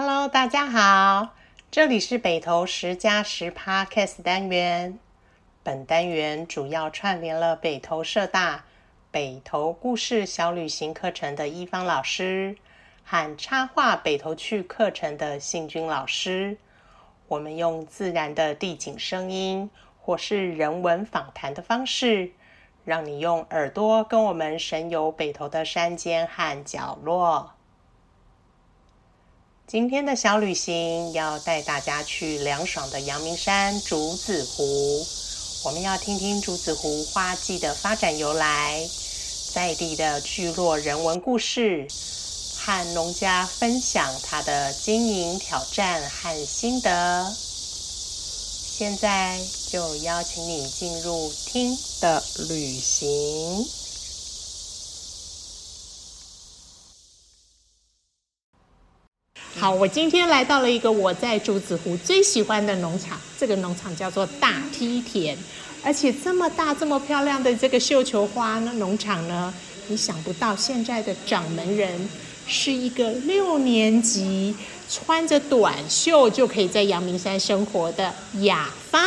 Hello，大家好，這裡是北投十加十 Podcast 單元。本單元主要串聯了北投社大北投故事小旅行課程的一方老師，和插畫北投趣課程的幸軍老師。我們用自然的地景聲音，或是人文訪談的方式，讓你用耳朵跟我們神遊北投的山間和角落。今天的小旅行要帶大家去涼爽的陽明山竹子湖，我們要聽聽竹子湖花季的發展由來，在地的聚落人文故事，和農家分享他的經營挑戰和心得。現在就邀請你進入聽的旅行。好，我今天來到了一個我在竹子湖最喜歡的農場，這個農場叫做大梯田，而且這麼大這麼漂亮的這個繡球花呢農場呢，你想不到現在的掌門人是一個六年級穿着短袖就可以在陽明山生活的雅芳。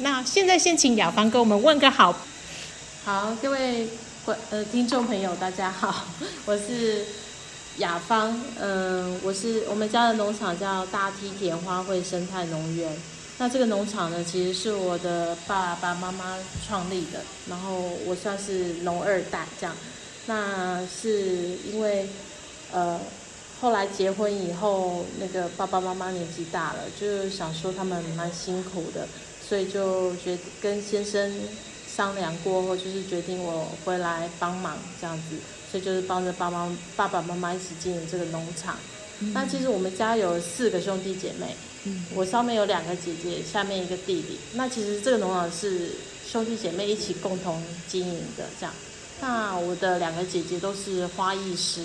那現在先請雅芳給我們問個好。好，各位觀呃聽眾朋友大家好，我是。雅芳，嗯，我是我們家的農場叫大梯田花卉生態農園。那這個農場呢，其實是我的爸爸媽媽創立的，然後我算是農二代這樣。那是因為，呃，後來結婚以後，那個爸爸媽媽年紀大了，就想說他們蠻辛苦的，所以就覺得跟先生。商量過後，就是決定我回來幫忙這樣子，所以就是幫着爸媽爸爸媽媽一起經營這個農場。嗯，那其實我們家有四個兄弟姐妹，嗯，我上面有兩個姐姐，下面一個弟弟。那其實這個農場是兄弟姐妹一起共同經營的這樣。那我的兩個姐姐都是花藝師，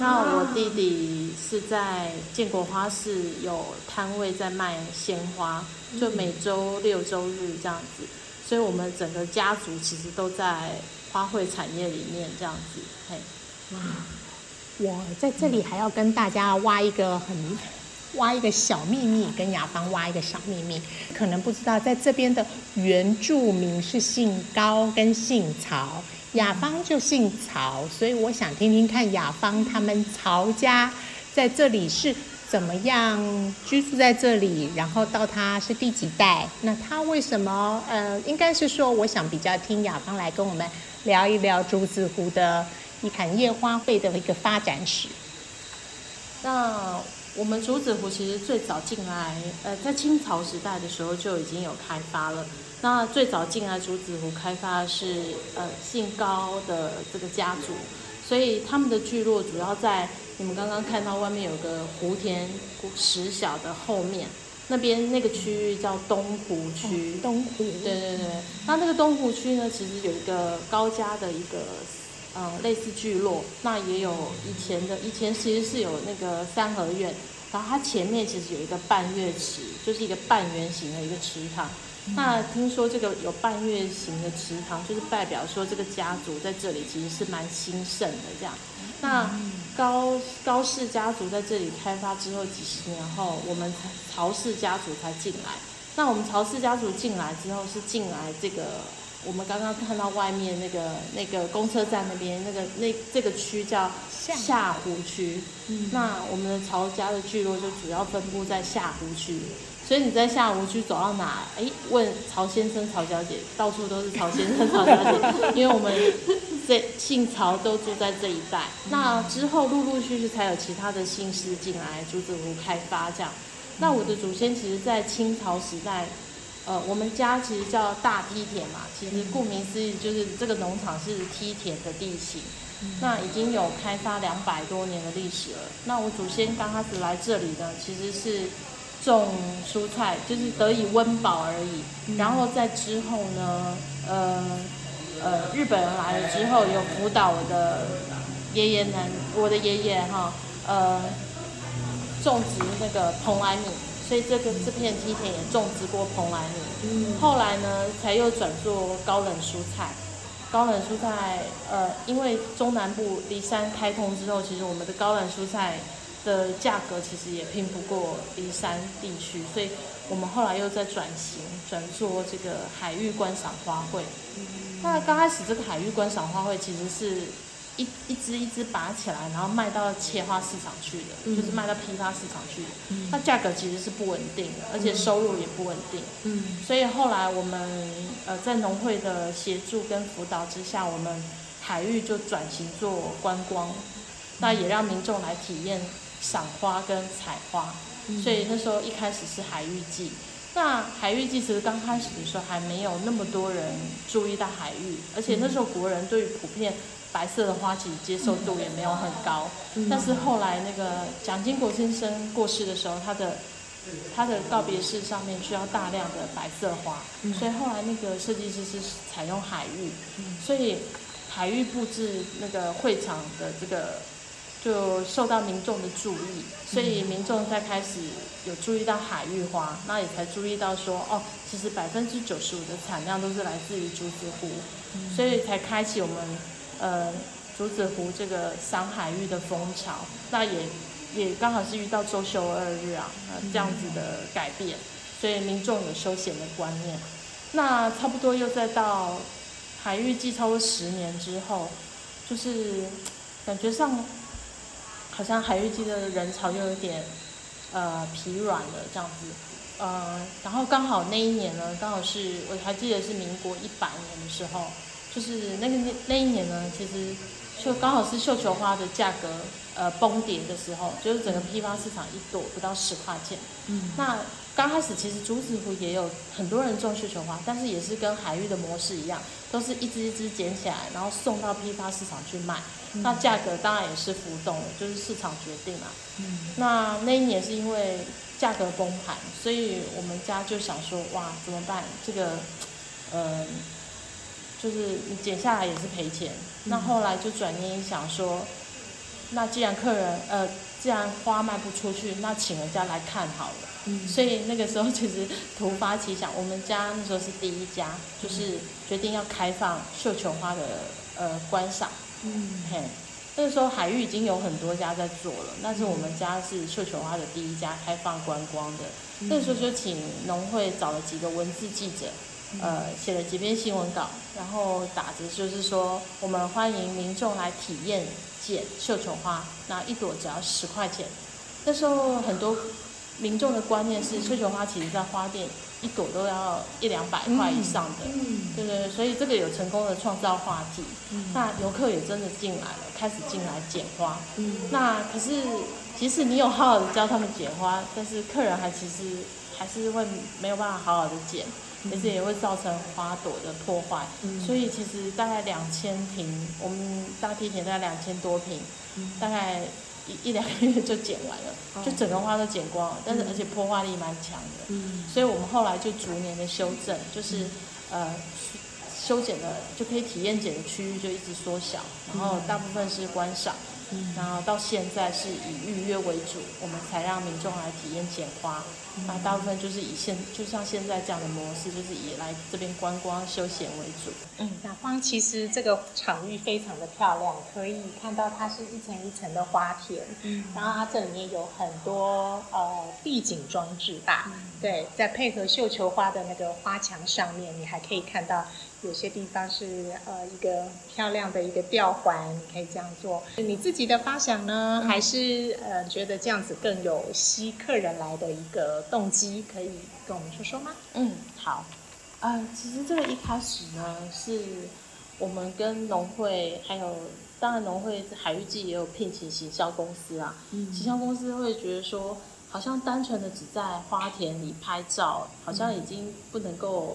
那我弟弟是在建國花市有攤位在賣鮮花，就每周六周日這樣子。所以，我們整個家族其實都在花卉產業裡面這樣子。嘿，哇！我在這裡還要跟大家挖一個很挖一個小秘密，跟雅芳挖一個小秘密。可能不知道，在這邊的原住民是姓高跟姓曹，雅芳就姓曹，所以我想聽聽看雅芳他們曹家在這裡是。怎麼樣居住在這裡？然後到他是第幾代？那他為什麼？呃，應該是說，我想比較聽亞芳來跟我們聊一聊竹子湖的產業夜花會的一個發展史。那我們竹子湖其實最早進來，呃，在清朝時代的時候就已經有開發了。那最早進來竹子湖開發的是呃姓高的這個家族。所以他們的聚落主要在你們剛剛看到外面有個湖田石小的後面，那邊那個區域叫東湖區。哦、東湖。對對對，嗯、那那個東湖區呢，其實有一個高家的一個，呃、嗯，類似聚落，那也有以前的，以前其實是有那個三合院，然後它前面其實有一個半月池，就是一個半圓形的一個池塘。那聽說這個有半月形的池塘，就是代表說這個家族在這裡其實是蠻興盛的這樣。那高高氏家族在這裡開發之後幾十年後，我們曹氏家族才進來。那我們曹氏家族進來之後是進來這個，我們剛剛看到外面那個那個公車站那邊那個那這個區叫下湖區。那我們的曹家的聚落就主要分布在下湖區，所以你在下午去走到哪兒？哎，問曹先生、曹小姐，到處都是曹先生、 曹小姐，因為我們這姓曹都住在這一帶。那之後陸陸續續、續、續才有其他的姓氏進來竹子湖開發這樣。那我的祖先其實，在清朝時代，呃，我們家其實叫大梯田嘛，其實顧名思義就是這個農場是梯田的地形。那已經有開發兩百多年的歷史了。那我祖先剛開始來這裡呢，其實是。種蔬菜就是得以溫飽而已，嗯、然後在之後呢，呃呃，日本人來了之後，有輔導我的爺爺們，我的爺爺哈，呃，種植那個蓬萊米，所以這個這片梯田也種植過蓬萊米，嗯、後來呢，才又轉做高冷蔬菜，高冷蔬菜，呃，因為中南部梨山開通之後，其實我們的高冷蔬菜的價格其實也拼不過梨山地區，所以我們後來又在轉型，轉做這個海芋觀賞花卉。嗯、那剛開始這個海芋觀賞花卉，其實是一一支一支拔起來，然後賣到切花市場去的，嗯、就是賣到批發市場去的。嗯、那價格其實是不穩定的，而且收入也不穩定。嗯。所以後來我們呃，在農會的協助跟輔導之下，我們海芋就轉型做觀光，那也讓民眾來體驗。賞花跟採花，所以那時候一開始是海芋季。那海芋季其實剛開始的時候還沒有那麼多人注意到海芋，而且那時候國人對於普遍白色的花其實接受度也沒有很高。但是後來那個蔣經國先生過世的時候，他的他的告別式上面需要大量的白色花，所以後來那個設計師是採用海芋，所以海芋布置那個會場的這個。就受到民眾的注意，所以民眾才開始有注意到海芋花，那也才注意到說哦，其實百分之九十五的產量都是來自於竹子湖，所以才開啟我們呃竹子湖這個賞海芋的風潮。那也也剛好是遇到周休二日啊、呃，這樣子的改變，所以民眾有休閒的觀念。那差不多又再到海芋季超過十年之後，就是感覺上。好像海芋季的人潮就有點，呃，疲軟了這樣子，呃，然後剛好那一年呢，剛好是我還記得是民國一百年的時候，就是那個那，那一年呢，其實就剛好是繡球花的價格，呃，崩跌的時候，就是整個批發市場一朵不到十塊錢。嗯，那剛開始其實竹子湖也有很多人種繡球花，但是也是跟海芋的模式一樣，都是一支一支剪起來，然後送到批發市場去賣。嗯、那價格當然也是浮動的，就是市場決定了。嗯，那那一年是因為價格崩盤，所以我們家就想說，哇，怎麼辦？這個，嗯、呃，就是你剪下來也是賠錢。嗯、那後來就轉念想說。那既然客人，呃，既然花賣不出去，那請人家來看好了。嗯、所以那個時候其實突發奇想，我們家那時候是第一家，嗯、就是決定要開放繡球花的呃觀賞。嗯，嘿，那個時候海芋已經有很多家在做了，但是我們家是繡球花的第一家開放觀光的。嗯、那個時候就請農會找了幾個文字記者，嗯、呃，寫了幾篇新聞稿，然後打着就是說我們歡迎民眾來體驗。剪繡球花，那一朵只要十塊錢。那時候很多民眾的觀念是，繡球花其實在花店一朵都要一兩百塊以上的，嗯嗯、對不對？所以這個有成功的創造話題，嗯、那遊客也真的進來了，開始進來剪花。嗯、那可是，即使你有好好的教他們剪花，但是客人還其實還是會沒有辦法好好的剪。而且也，也會造成花朵的破壞，嗯、所以其實大概兩千坪，嗯、我們大梯田大概兩千多坪，嗯、大概一一兩個月就剪完了，哦、就整個花都剪光了。嗯、但是而且破壞力蠻強的，嗯、所以我們後來就逐年的修正，嗯、就是呃修，修剪的就可以體驗剪的區域就一直縮小，嗯、然後大部分是觀賞。嗯、然後到現在是以預約為主，我們才讓民眾來體驗剪花。那、嗯啊、大部分就是以現，就像現在這樣的模式，就是以來這邊觀光休閒為主。嗯，小芳，其實這個場域非常的漂亮，可以看到它是一層一層的花田。嗯，然後它這裡面有很多呃地景裝置吧？嗯、對，在配合繡球花的那個花牆上面，你還可以看到。有些地方是呃一個漂亮的一個吊環，你可以這樣做。你自己的發想呢，嗯、還是呃覺得這樣子更有吸客人來的一個動機，可以跟我們說說嗎？嗯，好。啊、呃，其實這個一開始呢，是我們跟農會，還有當然農會海芋季也有聘請行銷公司啊。嗯。行銷公司會覺得說，好像單純的只在花田裡拍照，好像已經不能夠。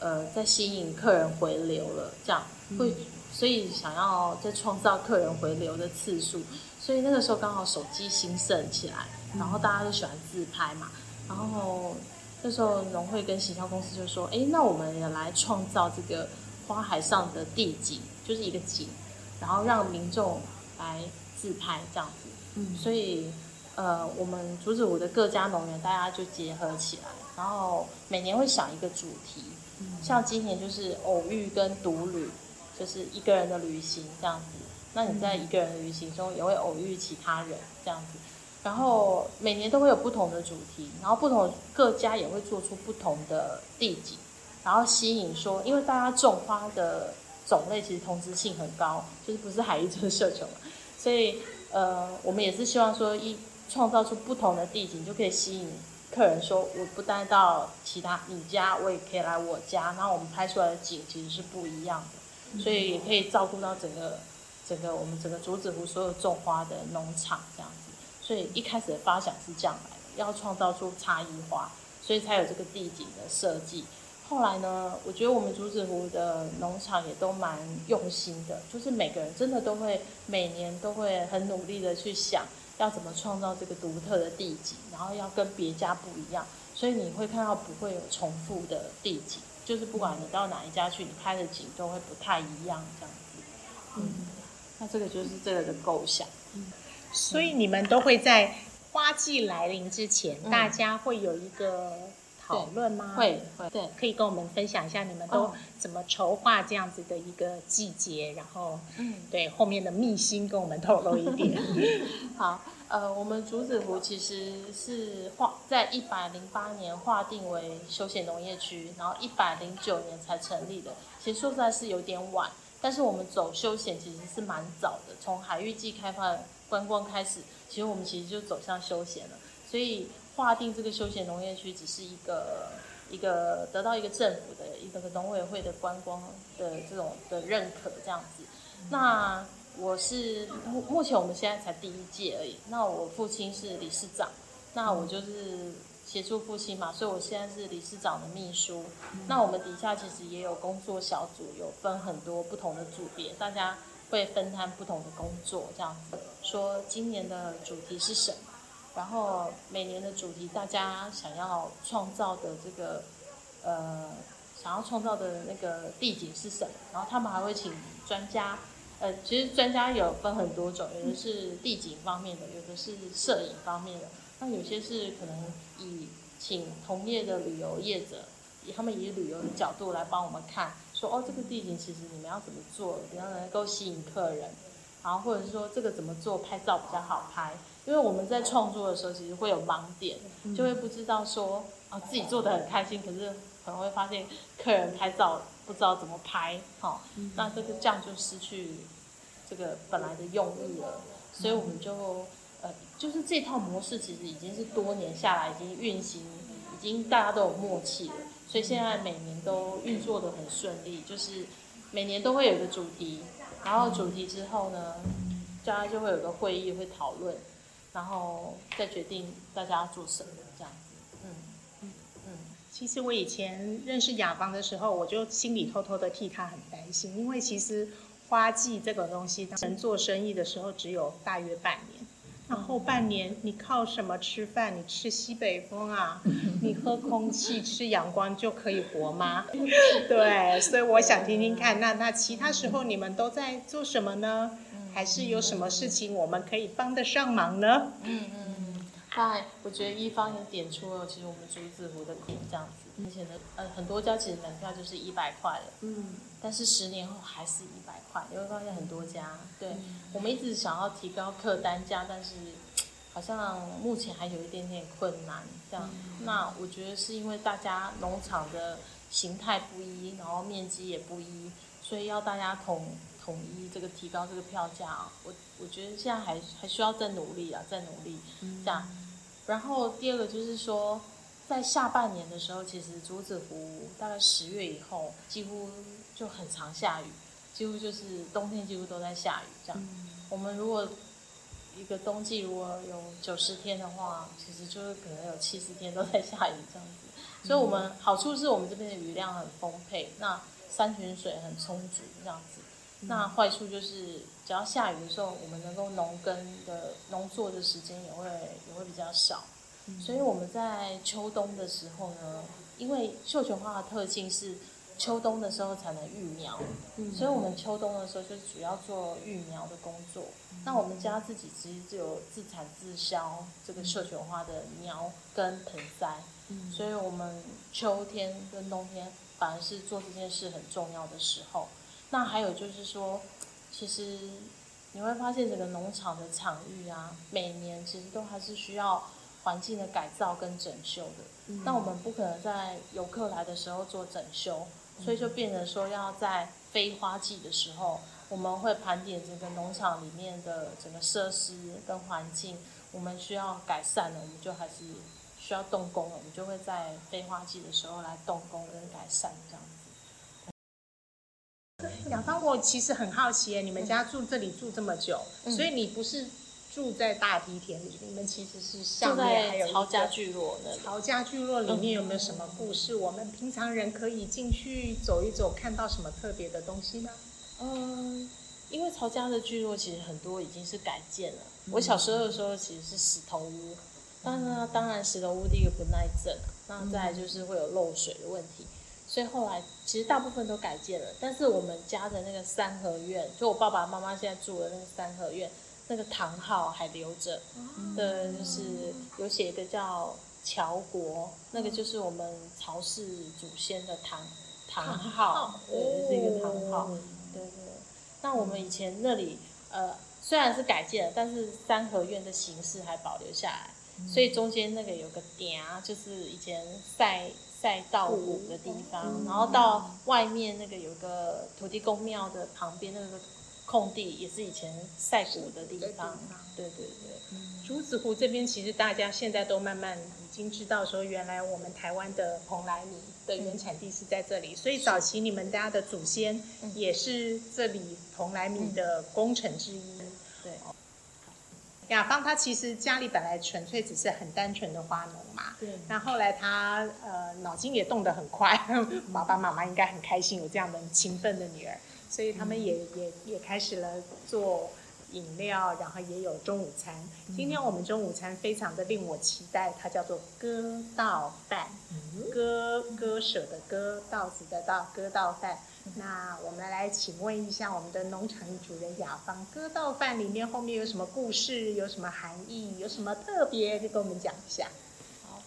呃，在吸引客人回流了，這樣會，嗯、所以想要再創造客人回流的次數，所以那個時候剛好手機興盛起來，然後大家都喜歡自拍嘛，嗯、然後那時候農會跟行銷公司就說，哎，那我們也來創造這個花海上的地景，就是一個景，然後讓民眾來自拍這樣子，嗯，所以呃，我們竹子湖的各家農園大家就結合起來，然後每年會想一個主題。像今年就是偶遇跟獨旅，就是一個人的旅行這樣子。那你在一個人的旅行中也會偶遇其他人這樣子。然後每年都會有不同的主題，然後不同各家也會做出不同的地景，然後吸引說，因為大家種花的種類其實同質性很高，就是不是海芋就是繡球嘛，所以呃，我們也是希望說，一創造出不同的地景就可以吸引。客人說：“我不單到其他你家，我也可以來我家。然後我們拍出來的景其實是不一樣的，所以也可以照顧到整個整個我們整個竹子湖所有種花的農場這樣子。所以一開始的發想是這樣來的，要創造出差異化，所以才有這個地景的設計。後來呢，我覺得我們竹子湖的農場也都蠻用心的，就是每個人真的都會每年都會很努力的去想。”要怎麼創造這個獨特的地景，然後要跟別家不一樣，所以你會看到不會有重複的地景，就是不管你到哪一家去，你拍的景都會不太一樣這樣子。嗯，嗯那這個就是這個的構想。嗯，所以你們都會在花季來臨之前，嗯、大家會有一個。討對論嗎？會會，對，可以跟我們分享一下你們都怎麼籌劃這樣子的一個季節，哦、然後嗯，對後面的秘辛跟我們透露一點。 好，呃，我們竹子湖其實是劃在一百零八年劃定為休閒農業區，然後一百零九年才成立的。其實說實在，是有點晚，但是我們走休閒其實是蠻早的。從海芋季開發觀光開始，其實我們其實就走向休閒了，所以。劃定這個休閒農業區，只是一個一個得到一個政府的一個農委會的觀光的這種的認可這樣子。嗯、那我是目目前我們現在才第一屆而已。那我父親是理事長，那我就是協助父親嘛，所以我現在是理事長的秘書。嗯、那我們底下其實也有工作小組，有分很多不同的組別，大家會分攤不同的工作這樣子。說今年的主題是什麼？然後每年的主題，大家想要創造的這個，呃，想要創造的那個地景是什麼？然後他們還會請專家，呃，其實專家有分很多種，有的是地景方面的，有的是攝影方面的。那有些是可能以請同業的旅遊業者，以他們以旅遊的角度來幫我們看，說哦，這個地景其實你們要怎麼做，怎樣能夠吸引客人？然後或者是說這個怎麼做拍照比較好拍。因為我們在創作的時候，其實會有盲點，就會不知道說啊、哦、自己做得很開心，可是可能會發現客人拍照不知道怎麼拍，好、哦，那這個這樣就失去這個本來的用意了。所以我們就呃就是這套模式其實已經是多年下來已經運行，已經大家都有默契了，所以現在每年都運作得很順利。就是每年都會有一個主題，然後主題之後呢，大家就會有一個會議會討論。然後再決定大家要做什麼這樣子，嗯嗯嗯。其實我以前認識雅芳的時候，我就心裡偷偷的替她很擔心，因為其實花季這個東西，當人做生意的時候只有大約半年，那、嗯、後半年你靠什麼吃飯？你吃西北風啊？ 你喝空氣，吃陽光就可以活嗎？ 對，所以我想聽聽看，那那其他時候你們都在做什麼呢？還是有什麼事情我們可以幫得上忙呢？嗯嗯，嗨、嗯嗯嗯，我覺得一方也點出了，其實我們竹子湖的苦這樣子。目前的呃很多家其實門票就是一百塊了，嗯，但是十年後還是一百塊，你會發現很多家。對，嗯、我們一直想要提高客單價，但是好像目前還有一點點困難這樣。嗯、那我覺得是因為大家農場的形態不一，然後面積也不一，所以要大家同。統一這個提高這個票價，哦、我我覺得現在還還需要再努力啊，再努力這樣。嗯、然後第二個就是說，在下半年的時候，其實竹子湖大概十月以後，幾乎就很常下雨，幾乎就是冬天幾乎都在下雨這樣。嗯、我們如果一個冬季如果有九十天的話，其實就是可能有七十天都在下雨這樣子。嗯、所以我們好處是我們這邊的雨量很豐沛，那山泉水很充足這樣子。那壞處就是，只要下雨的時候，我們能夠農耕的農作的時間也會也會比較少，所以我們在秋冬的時候呢，因為繡球花的特性是秋冬的時候才能育苗，嗯、所以我們秋冬的時候就主要做育苗的工作。嗯、那我們家自己其實就有自產自銷這個繡球花的苗跟盆栽，所以我們秋天跟冬天反而是做這件事很重要的時候。那還有就是說，其實你會發現整個農場的場域啊，每年其實都還是需要環境的改造跟整修的。嗯、那我們不可能在遊客來的時候做整修，所以就變成說，要在非花季的時候，嗯、我們會盤點這個農場裡面的整個設施跟環境，我們需要改善的，我們就還是需要動工了，我們就會在非花季的時候來動工跟改善這樣。兩方，我其實很好奇耶，你們家住這裡住這麼久，嗯、所以你不是住在大梯田裡，你們其實是上面還有，曹家聚落。曹家聚落裡面有沒有什麼故事？嗯、我們平常人可以進去走一走，看到什麼特別的東西嗎？嗯，因為曹家的聚落其實很多已經是改建了。嗯、我小時候的時候其實是石頭屋，當然、嗯、當然石頭屋的一個不耐震，嗯、那再來就是會有漏水的問題。所以後來其實大部分都改建了，但是我們家的那個三合院，嗯、就我爸爸媽媽現在住的那個三合院，那個堂號還留着，嗯、對就是有寫一個叫譙國，嗯、那個就是我們曹氏祖先的堂堂號，堂號對，對、就是、一個堂號。哦、對對。嗯、那我們以前那裡，呃，雖然是改建了，但是三合院的形式還保留下來，嗯、所以中間那個有個亭，就是以前曬。曬稻穀的地方，嗯嗯、然後到外面那個有個土地公廟的旁邊那個空地，也是以前曬穀的地方。是對對對、嗯，竹子湖這邊其實大家現在都慢慢已經知道說，原來我們台灣的蓬萊米的原產地是在這裡，是所以早期你們大家的祖先也是這裡蓬萊米的功臣之一。嗯嗯嗯亞芳她其實家裡本來純粹只是很單純的花農嘛，對那後來她呃腦筋也動得很快，爸爸媽媽應該很開心有這樣的勤奮的女兒，所以他們也、嗯、也也開始了做飲料，然後也有中午餐。嗯、今天我們中午餐非常的令我期待，它叫做割稻飯，割割捨的割，稻子的稻，割稻飯。那我們來請問一下我們的農場主人雅芳，割稻飯裡面後面有什麼故事？有什麼含義？有什麼特別？就跟我們講一下。好，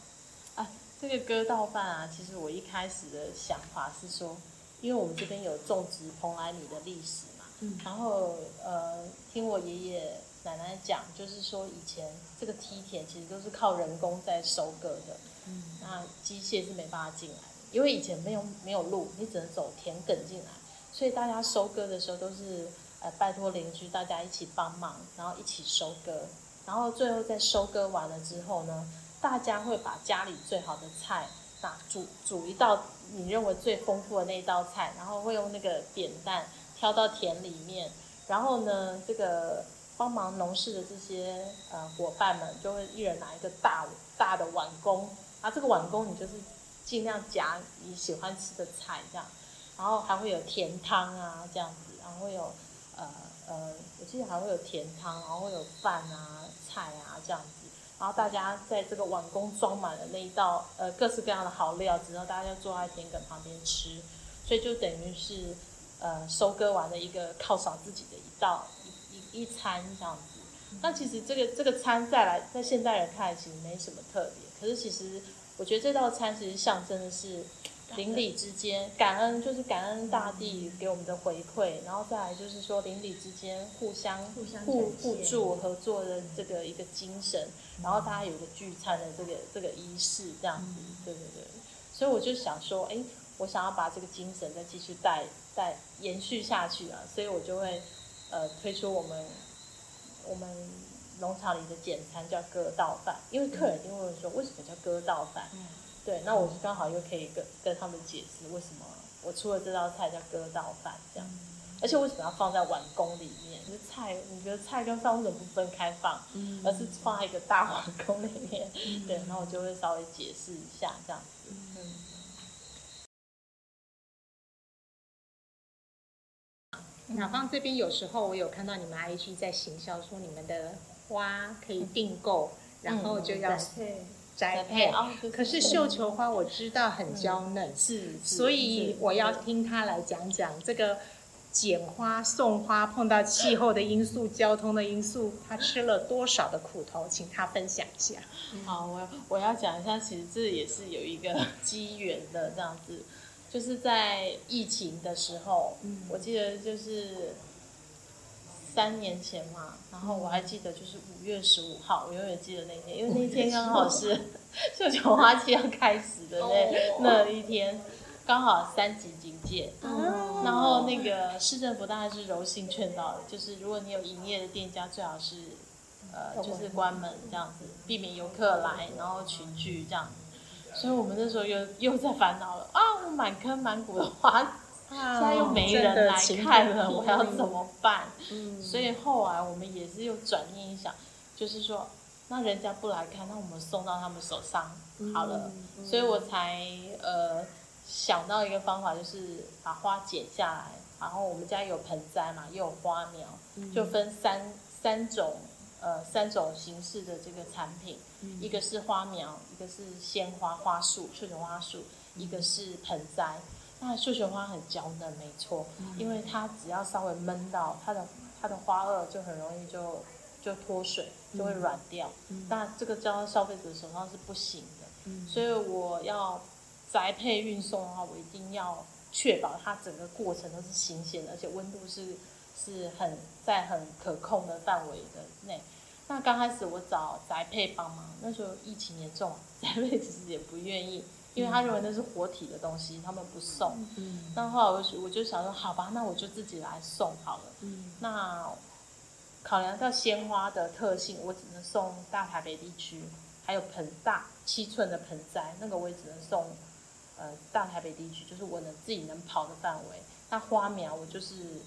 啊，這個割稻飯啊，其實我一開始的想法是說，因為我們這邊有種植蓬萊米的歷史嘛，嗯，然後呃，聽我爺爺奶奶講，就是說以前這個梯田其實都是靠人工在收割的，嗯，那機械是沒辦法進來。因為以前沒有沒有路，你只能走田埂進來，所以大家收割的時候都是，呃，拜託鄰居大家一起幫忙，然後一起收割，然後最後在收割完了之後呢，大家會把家裡最好的菜，啊煮煮一道你認為最豐富的那一道菜，然後會用那個扁擔挑到田裡面，然後呢，這個幫忙農事的這些呃夥伴們就會一人拿一個大大的碗公啊，這個碗公你就是。盡量夾你喜歡吃的菜這樣，然後還會有甜湯啊這樣子，然後會有，呃呃，我記得還會有甜湯，然後會有飯啊菜啊這樣子，然後大家在這個碗公裝滿了那一道呃各式各樣的好料，之後大家坐在田埂旁邊吃，所以就等於是呃收割完的一個犒賞自己的一道一一一餐這樣子。那其實這個這個餐再來在現代人看來其實沒什麼特別，可是其實。我覺得這道餐其實象徵的是鄰里之間感恩，就是感恩大地給我們的回饋，嗯、然後再來就是說鄰里之間互相、互相、相、互助合作的這個一個精神，對然後大家有一個聚餐的這個對這個儀式，這樣子。對對對，所以我就想說，哎，我想要把這個精神再繼續帶、帶延續下去啊，所以我就會呃推出我們我們。農場裡的簡餐叫割稻飯，因為客人因為說為什麼叫割稻飯？嗯、對，那我是剛好又可以跟跟他們解釋為什麼我出了這道菜叫割稻飯這樣，嗯、而且為什麼要放在碗公裡面？就菜，你覺得菜跟飯為什麼不分開放，嗯、而是放在一個大碗公裡面？嗯、對，那我就會稍微解釋一下這樣子。嗯，那、嗯、方這邊有時候我有看到你們 IG 在行銷說你們的。花可以訂購，嗯、然後就要摘配可是繡球花我知道很嬌嫩，嗯、是，是所以我要聽他來講講這個剪花對送花、嗯、碰到氣候的因素、嗯、交通的因素，他吃了多少的苦頭，請他分享一下。好，我我要講一下，其實這也是有一個機緣的這樣子，就是在疫情的時候，嗯、我記得就是。三年前嘛，然後我還記得就是五月十五號，我永遠記得那天，因為那天剛好是繡、嗯、球花期要開始的那、oh. 那一天，剛好三級警戒，oh. 然後那個市政府大概是柔性勸導，就是如果你有營業的店家，最好是呃就是關門這樣子，避免遊客來，然後群聚這樣子，所以我們那時候又又在煩惱了啊，滿坑滿谷的花。Oh, 現在又沒人來看了，我要怎麼辦？嗯嗯、所以後來我們也是又轉念一想，就是說，那人家不來看，那我們送到他們手上好了。嗯嗯、所以我才呃想到一個方法，就是把花剪下來，然後我們家有盆栽嘛，也有花苗，嗯、就分三三種呃三種形式的這個產品，嗯、一個是花苗，一個是鮮花花束，繡球花束，一個是盆栽。嗯那繡球花很嬌嫩，沒錯，嗯、因為它只要稍微悶到它的它的花萼，就很容易就就脫水，就會軟掉。那、嗯嗯、這個交到消費者手上是不行的，嗯、所以我要宅配運送的話，我一定要確保它整個過程都是新鮮的，而且溫度是是很在很可控的範圍的內。那剛開始我找宅配幫忙，那時候疫情嚴重，宅配其實也不願意。因為他認為那是活體的東西，嗯、他們不送。然、嗯、後來我就我就想說，好吧，那我就自己來送好了。嗯、那考量到鮮花的特性，我只能送大台北地區，還有盆大七寸的盆栽，那個我也只能送呃大台北地區，就是我能自己能跑的範圍。那花苗我就是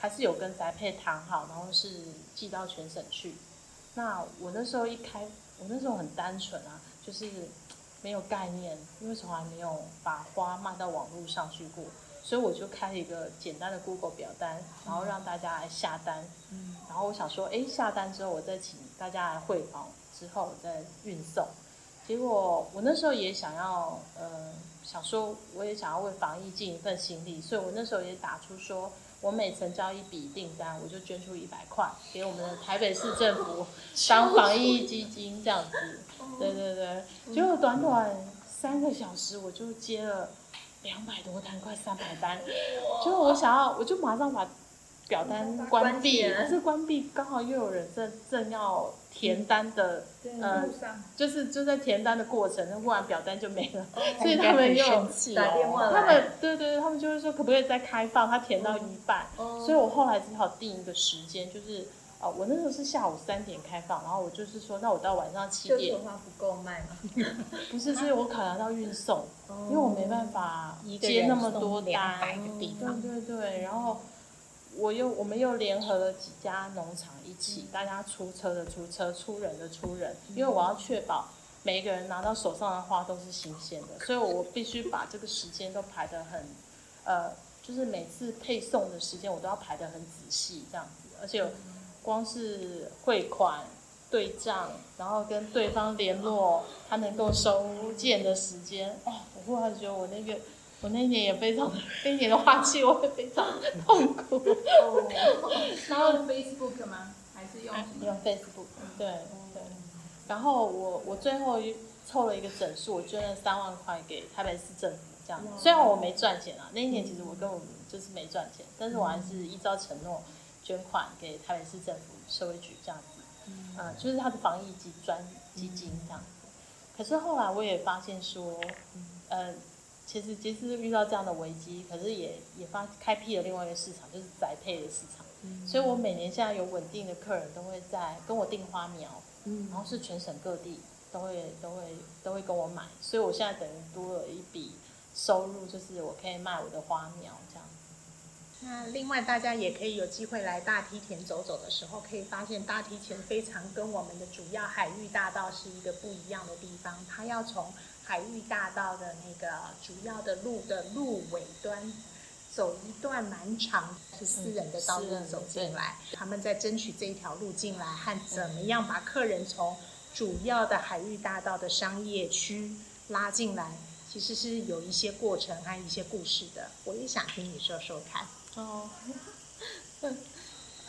還是有跟宅配談好，然後是寄到全省去。那我那時候一開，我那時候很單純啊，就是。沒有概念，因為從來沒有把花賣到網絡上去過，所以我就開了一個簡單的 Google 表單，然後讓大家來下單。然後我想說，哎，下單之後我再請大家來匯款，之後再運送。結果我那時候也想要，呃，想說我也想要為防疫盡一份心力，所以我那時候也打出說。我每成交一筆訂單，我就捐出一百塊給我們的台北市政府當防疫基金，這樣子。對對對，就、嗯、短短三個小時，我就接了兩百多單塊，快三百單。就哇我想要，我就馬上把。表單關閉，但是關閉，剛好又有人正正要填單的，呃，就是就在填單的過程，那不然表單就沒了，所以他們又打電話。他們對對他們就是說可不可以再開放？他填到一半，所以我後來只好定一個時間，就是啊，我那時候是下午三點開放，然後我就是說，那我到晚上七點，不不是，所以我考量到運送，因為我沒辦法接那麼多單，對對對，然後。我又我們又聯合了幾家農場一起，大家出車的出車，出人的出人，因為我要確保每一個人拿到手上的花都是新鮮的，所以我必須把這個時間都排得很，呃，就是每次配送的時間我都要排得很仔細這樣子，而且光是匯款對賬，然後跟對方聯絡，他能夠收件的時間，哦，我忽然覺得我那個。我那一年也非常，嗯、那一年的花期我也非常痛苦。那、哦哦、Facebook 嗎？還是用 Facebook。對對。然後我我最後湊了一個整數，我捐了三萬塊給台北市政府這樣。哦、雖然我沒賺錢啊，那一年其實我跟我們就是沒賺錢，嗯、但是我還是依照承諾捐款給台北市政府社會局這樣子。啊、嗯呃，就是他的防疫及專基金這樣子。可是後來我也發現說，呃。其實，即使遇到這樣的危機，可是也也發開闢了另外一個市場，就是宅配的市場。嗯、所以，我每年現在有穩定的客人都會在跟我訂花苗，嗯、然後是全省各地都會都會都會跟我買。所以我現在等於多了一筆收入，就是我可以賣我的花苗。那另外，大家也可以有機會來大梯田走走的時候，可以發現大梯田非常跟我們的主要海芋大道是一個不一樣的地方。它要從海芋大道的那個主要的路的路尾端走一段蠻長，是私人的道路走進來。他們在爭取這一條路進來，和怎麼樣把客人從主要的海芋大道的商業區拉進來，其實是有一些過程和一些故事的。我也想聽你說說看。哦，呃、oh,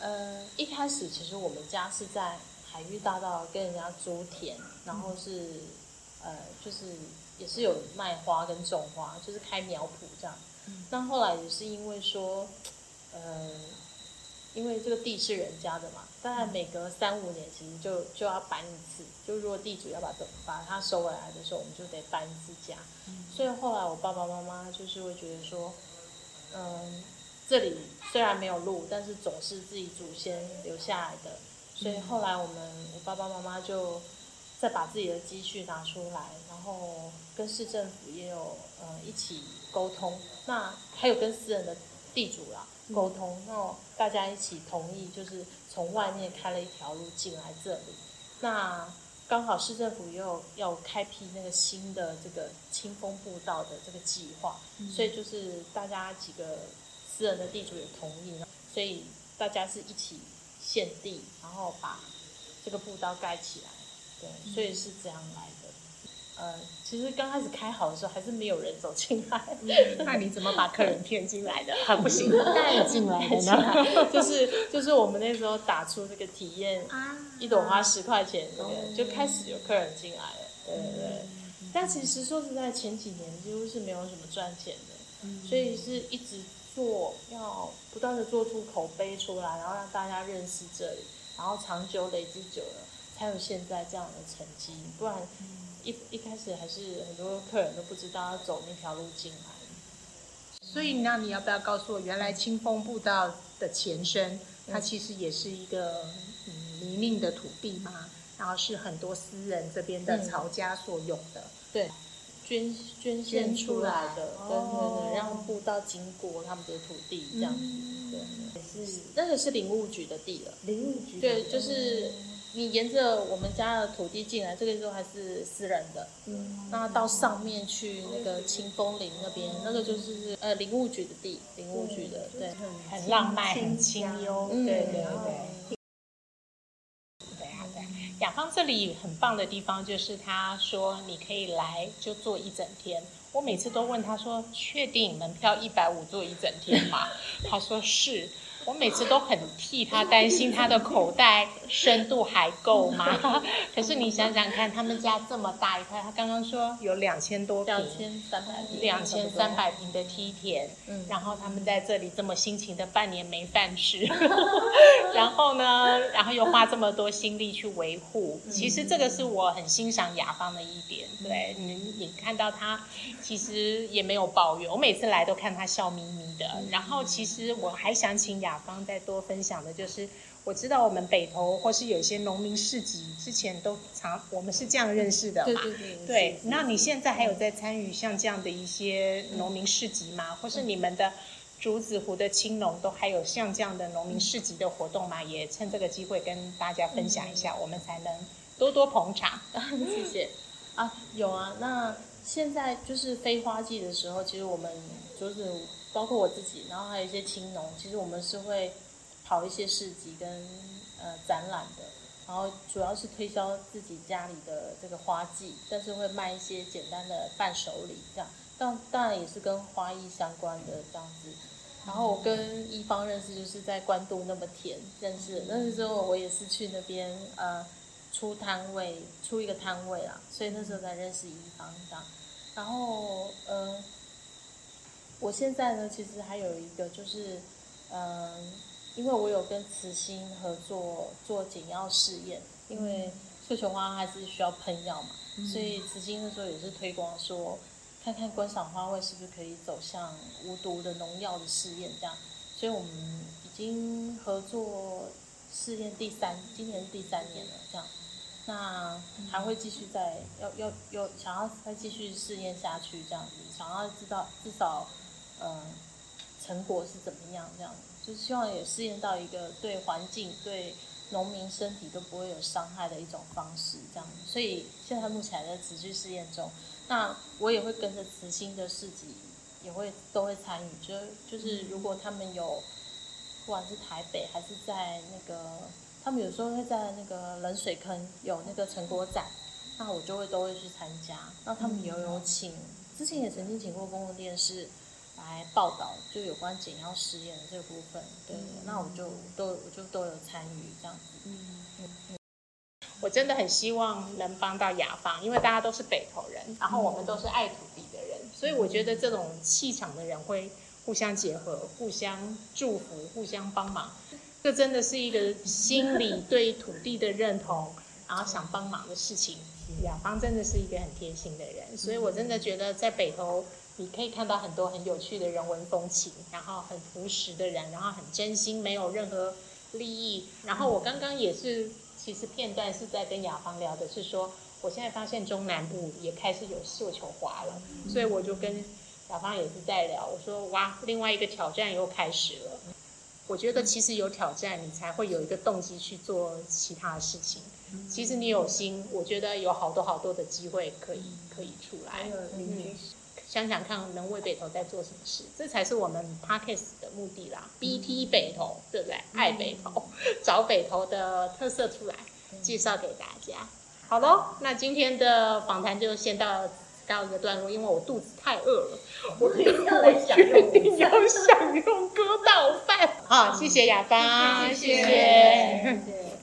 嗯，一開始其實我們家是在海芋大道跟人家租田，然後是呃，就是也是有賣花跟種花，就是開苗圃這樣。嗯。那後來也是因為說，呃，因為這個地是人家的嘛，大概每隔三五年其實就就要搬一次，就如果地主要把把把它收回來的時候，我們就得搬一次家。嗯。所以後來我爸爸媽媽就是會覺得說，嗯。這裡雖然沒有路，但是總是自己祖先留下來的，所以後來我們我爸爸媽媽就再把自己的積蓄拿出來，然後跟市政府也有呃一起溝通，那還有跟私人的地主啦溝通，然後大家一起同意，就是從外面開了一條路進來這裡。那剛好市政府又有要有開闢那個新的這個清風步道的這個計劃，所以就是大家幾個。私人的地主也同意，所以大家是一起獻地，然後把這個步道蓋起來。對，所以是這樣來的。呃，其實剛開始開好的時候還是沒有人走進來。嗯，那你怎麼把客人騙進來的？還對不行，帶進來的呢，帶進來，就是就是我們那時候打出這個體驗，啊，一朵花十塊錢，嗯、對，就開始有客人進來了。對對對，嗯、但其實說實在，前幾年幾乎是沒有什麼賺錢的，嗯、所以是一直。做要不斷的做出口碑出來，然後讓大家認識這裡，然後長久累積久了，才有現在這樣的成績。不然一一開始還是很多客人都不知道要走那條路進來。嗯、所以那你要不要告訴我，原來清風步道的前身，它其實也是一個泥濘、嗯、的土地嘛，然後是很多私人這邊的曹家所用的，嗯、對。捐捐獻出來的，對對對，讓步道經過他們的土地這樣子，對，是那個是林務局的地了，林務局對，就是你沿着我們家的土地進來，這個時候還是私人的，那到上面去那個清風林那邊，那個就是呃林務局的地，林務局的，對，很浪漫，很清幽，對對對。甲方這裡很棒的地方就是，他說你可以來就坐一整天。我每次都問他說：“確定門票一百五坐一整天嗎？” 他說是。我每次都很替他擔心，他的口袋深度還夠嗎？ 可是你想想看，他們家這麼大一塊，他剛剛說有兩千多平，兩千三百，兩千三百平的梯田，梯田嗯、然後他們在這裡這麼辛勤的半年沒飯吃， 然後呢，然後又花這麼多心力去維護，嗯、其實這個是我很欣賞雅芳的一點。對，嗯、你你看到他其實也沒有抱怨，我每次來都看他笑眯眯的。嗯、然後其實我還想請雅。剛剛再多分享的就是，我知道我們北投或是有些農民市集之前都常我們是這樣認識的嘛，對，對，對，對。那你現在還有在參與像這樣的一些農民市集嗎？或是你們的竹子湖的青農都還有像這樣的農民市集的活動嗎？也趁這個機會跟大家分享一下，我們才能多多捧場。嗯嗯嗯、謝謝啊，有啊，那。現在就是非花季的時候，其實我們就是包括我自己，然後還有一些青農，其實我們是會跑一些市集跟呃展覽的，然後主要是推銷自己家裡的這個花季，但是會賣一些簡單的伴手禮，這樣，當當然也是跟花藝相關的這樣子。然後我跟一方認識就是在關渡那麼甜認識的，認識之後我也是去那邊呃。出攤位，出一個攤位啦，所以那時候才認識草一方這樣。然後，嗯、呃，我現在呢，其實還有一個就是，嗯、呃，因為我有跟慈心合作做減藥試驗，因為繡球花還是需要噴藥嘛，嗯、所以慈心那時候也是推廣說，看看觀賞花卉是不是可以走向無毒的農藥的試驗這樣。所以我們已經合作試驗第三，今年是第三年了這樣。那還會繼續再、嗯、要要要想要再繼續試驗下去，這樣子想要知道至少，嗯、呃，成果是怎麼樣這樣子，就是希望也試驗到一個對環境、對農民身體都不會有傷害的一種方式這樣子。所以現在目前還在持續試驗中，那我也會跟着慈心的市集，也會都會參與，就就是如果他們有，不管是台北還是在那個。他們有時候會在那個冷水坑有那個成果展，那我就會都會去參加。那他們有有請，嗯、之前也曾經請過公共電視來報道，就有關減藥實驗的這個部分。對，嗯、那我就我都我就都有參與這樣子。嗯嗯。嗯，我真的很希望能幫到雅芳，因為大家都是北投人，然後我們都是愛土地的人，所以我覺得這種氣場的人會互相結合、互相祝福、互相幫忙。這真的是一個心理，對土地的認同，然後想幫忙的事情。雅芳真的是一個很貼心的人，所以我真的覺得在北投，你可以看到很多很有趣的人文風情，然後很樸實的人，然後很真心，沒有任何利益。然後我剛剛也是，其實片段是在跟雅芳聊的是說，我現在發現中南部也開始有繡球花了，所以我就跟雅芳也是在聊，我說，哇，另外一個挑戰又開始了。我覺得其實有挑戰，你才會有一個動機去做其他的事情。其實你有心，我覺得有好多好多的機會可以可以出來。嗯嗯嗯、想想看，能為北投在做什麼事？這才是我們 Podcast 的目的啦。BT 北投，對不對？愛北投，嗯、找北投的特色出來，介紹給大家。好咯，那今天的訪談就先到告一個段落，因為我肚子太餓了，我一定要想享用，我決定要享用割稻飯。好，謝謝亞當，謝謝。謝謝謝謝。